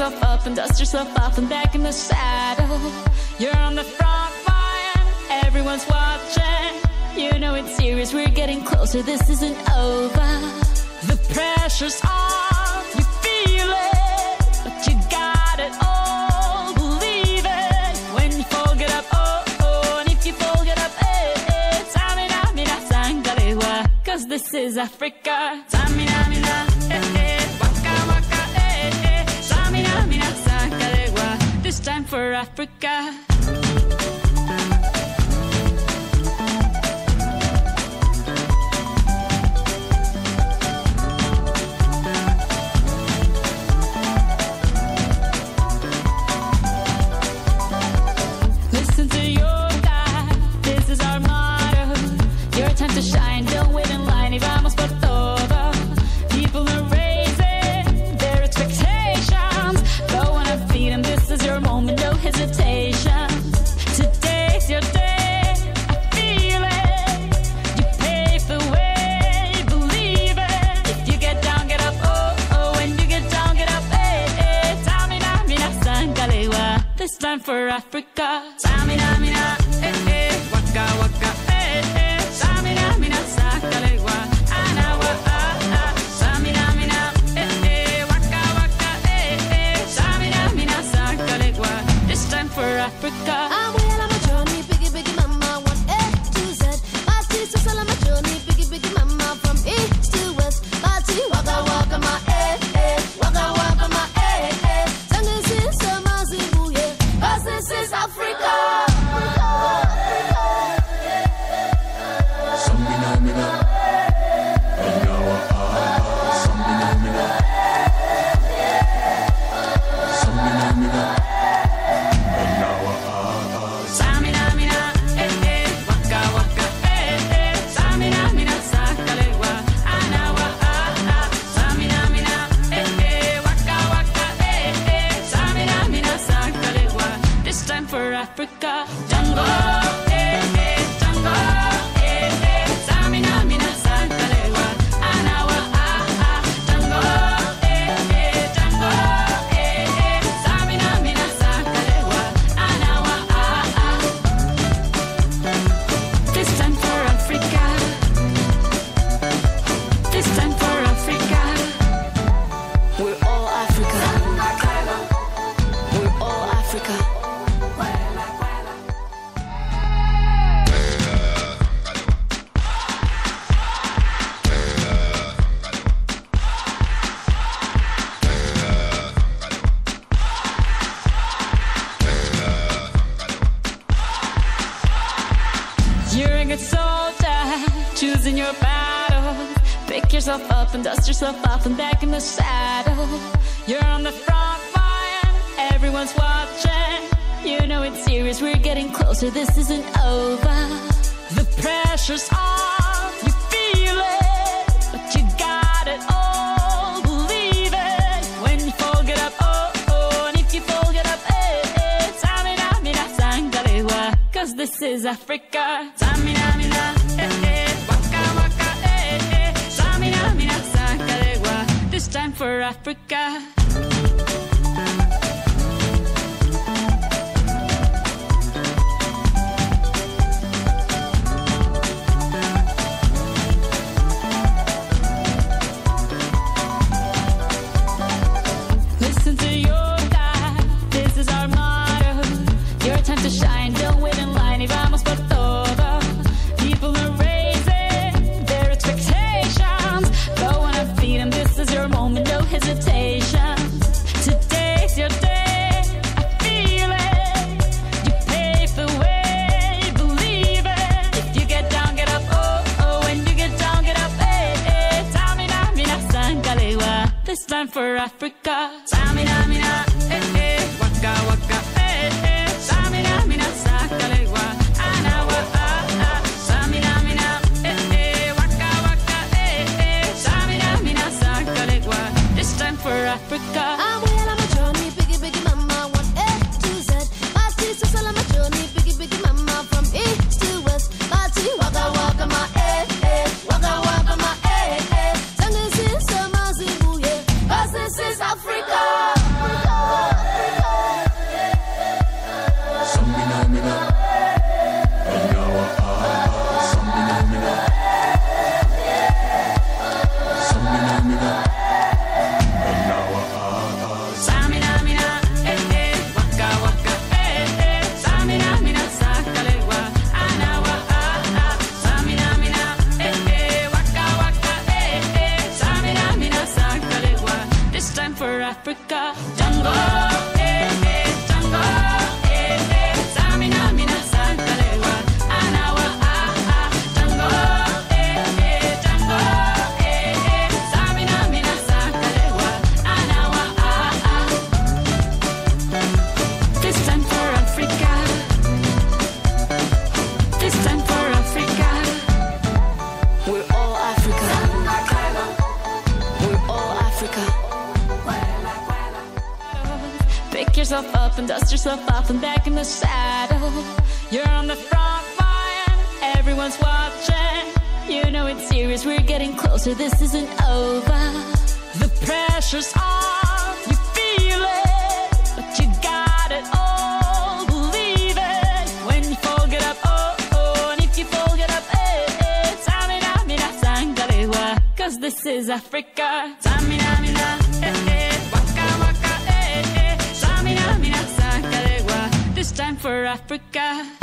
yourself up and dust yourself off and back in the saddle. You're on the front line, everyone's watching. You know it's serious, we're getting closer, this isn't over. The pressure's on, you feel it, but you got it all. Believe it when you fall, get up, oh, oh, and if you fall, get up, eh, eh. Cause this is Africa. for Africa. time for Africa. Pick yourself up and dust yourself off and back in the saddle. You're on the front line, everyone's watching. You know it's serious, we're getting closer, this isn't over. The pressure's on, you feel it, but you got it all. Believe it when you fall, get up, oh oh, and if you fall, get up, eh eh. eh cause this is Africa. Tamina. for Africa. stand for Africa. Samina, mina, eh, eh, waka, waka. Pick yourself up and dust yourself off and back in the saddle. You're on the front line, everyone's watching. You know it's serious, we're getting closer, this isn't over. The pressure's on, you feel it, but you got it all. Believe it when you fold it up, oh oh, and if you fold it up, eh eh. Tamina, cause this is Africa. Tamina, mina. Africa.